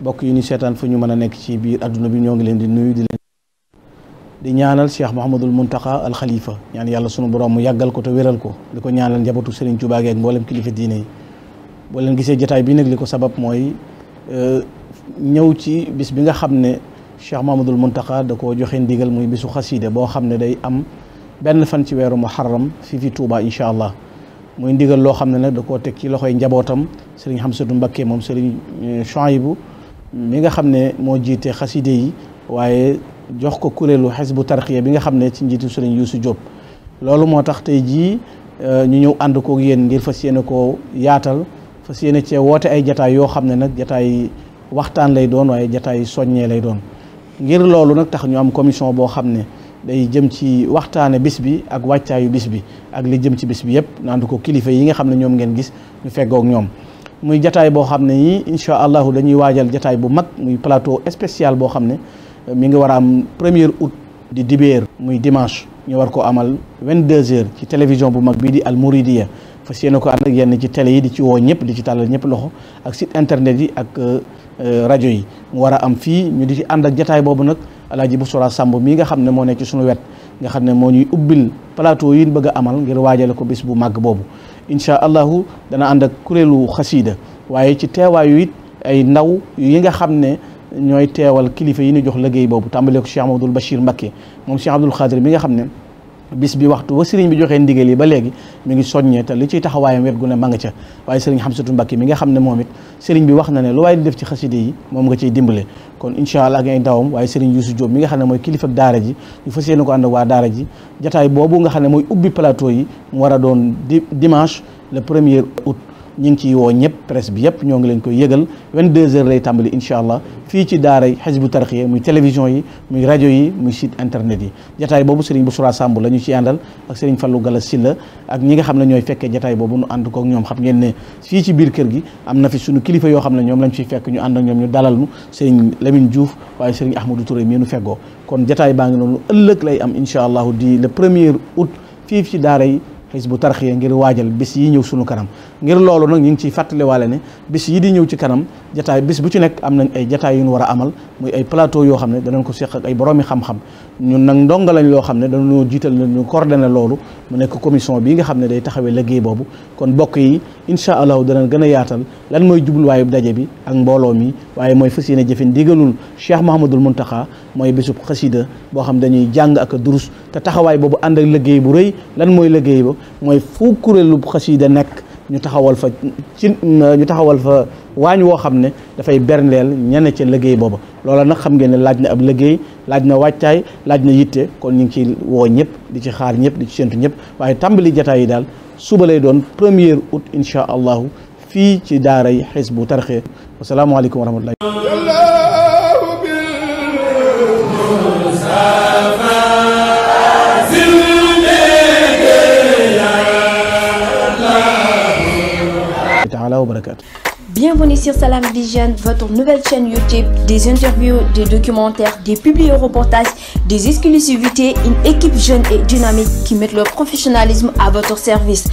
bokk yi ñu seetaan fu ñu mën a nekk ci biir àdduna bi ñoo ngi leen di nuyu di leen di ñaanal cheikh mahamadul muntaka al xalifa ñaan yàlla sunu borom mu yàggal ko te wéral ko di ko ñaanal njabootu Serigne Touba gi ak mboolem kilifa diine yi boo leen gisee jataay bi nag li ko sabab mooy euh, ñëw ci bis bi nga xam ne cheikh mahamadul muntaka da koo joxe ndigal muy bisu xasiide boo xam ne day am benn fan ci weeru muharram fii fi tuubaa incha allah muy ndigal loo xam ne nag da koo teg ci loxoy njabootam Serigne Hamsatu Mbakke moom Serigne euh, Chouaïbou mi nga xam ne moo jiite xaside yi waaye jox ko kuréelu xisbu tarxiya bi nga xam ne ci njiitu sëriñ Youssou Diop loolu moo tax tey jii euh, ñu ñëw ànd koog yéen ngir fas yéene koo yaatal fas yéene cee woote ay jataay yoo xam ne nag jataay waxtaan lay doon waaye jataay soññee lay doon ngir loolu nag tax ñu am commission boo xam ne day jëm ci waxtaane bis bi ak wàccaayu bis bi ak li jëm ci bis bi yëpp nandu ko kilifa yi nga xam ne ñoom ngeen gis ñu feggoog ñoom muy jataay boo xam ne nii incha allahu dañuy waajal jataay bu mag muy plateau spécial boo xam ne euh, mi ngi war a am premier août di dibeer muy dimanche ñu war ko amal 22 heures ci télévision bu mag bii di Al Mouridiyyah fas yéene ko ànd ak yenn ci tele yi di ci woo ñëpp di ci tàllal ñëpp loxo ak site internet yi ak euh, euh, rajo yi mu war a am fii ñu di si ànd ak jataay boobu nag alaaji bu sora sàmb mii nga xam ne moo nekk ci suñu wet nga xam ne moo ñuy ubbil plateau yi ñu bëgg amal ngir waajale ko bis bu màgg boobu incha allahu dana ànd ak kuréelu xasiida waaye ci teewaayu it ay ndaw yi nga xam ne ñooy teewal kilifa yi ñu jox liggéey boobu tàmbalee ko Cheikh Amadou Bachir Mbacké moom Cheikh Abdoul Khadir mi nga xam ne bis bi waxtu wa sëriñ bi joxee ndigal yi ba léegi mi ngi soññee te li ciy taxawaayam wet gu ne ma nga ca waaye sëriñ Xamsatu Mbàkke mi nga xam ne moom it sëriñ bi wax na ne lu waaye di def ci xaside yi moom nga ciy dimbale kon incha allah ak ndawam waaye sëriñ Yuusu Jóob mi nga xam ne mooy kilifa ak daara ji ñu fas yéene ko ànd ak waa daara ji jataay boobu nga xam ne mooy ubbi plateau yi mu war a doon dimanche le premier août ñu ngi ciy woo ñëpp presse bi yëpp ñoo ngi leen koy yëgal 22h lay tàmbali incha allah fii ci daara yi Hizbut Tarqiyyah muy télévision yi muy rajo yi muy site internet yi jataay boobu Serigne Boussoura Samb la ñu ci àndal ak Serigne Fallou Gala Silla ak ñi nga xam ne ñooy fekkee jataay boobu nu ànd kook ñoom xam ngeen ne fii ci biir kër gi am na fi suñu kilifa yoo xam ne ñoom lañ fiy fekk ñu ànd ak ñoom ñu dalal nu Serigne Lamine Diouf waaye Serigne Ahmadou Touré nu feggoo kon jataay baa ngi noonu incha allah di le premier août fii daara yi Hizbu Tarxiya ngir waajal bis yi ñëw sunu kanam ngir loolu nag ñu ngi ciy fàttaliwaale ne bis yi di ñëw ci kanam jataay bis bu ci nekk am nañ ay jataay yu war a amal muy ay plateau yoo xam ne danañ ko seq ay boroomi xam-xam ñun nag ndonga lañ loo xam ne dañoo jiital ne ñu coordonné loolu mu nekk commission bi nga xam ne day taxawee liggéey boobu kon bokk yi incha allahu danañ gën a yaatal lan mooy jubluwaayu daje bi ak mbooloo mi waaye mooy fas yéene jëfin digalul Cheikh Mahamadul Muntaxa mooy bésub xasida boo xam dañuy jàng ak a durus te taxawaay boobu ànd ak liggéey bu rëy lan mooy liggéey mooy fu kuréelu xasida nekk ñu taxawal fa ci ñu taxawal fa waañ woo xam ne dafay berndeel ñene ca liggéey booba loola nag xam ngeen ne laaj na ab liggéey laaj na wàccaay laaj na yitte kon ñu ngi ci woo ñëpp di ci xaar ñëpp di ci séntu ñëpp waaye tàmbali jataay yi daal suba lay doon premier août incha allahu fii ci daara yi daaray Hizbut Tarqiyyah wasalaamualeykum wa rahmatullahi taala wa barakaatu. Bienvenue votre nouvelle chaîne YouTube, des interviews, des documentaires, des publi-reportages, des exclusivités, une équipe jeune et dynamique qui met leur professionnalisme à votre service.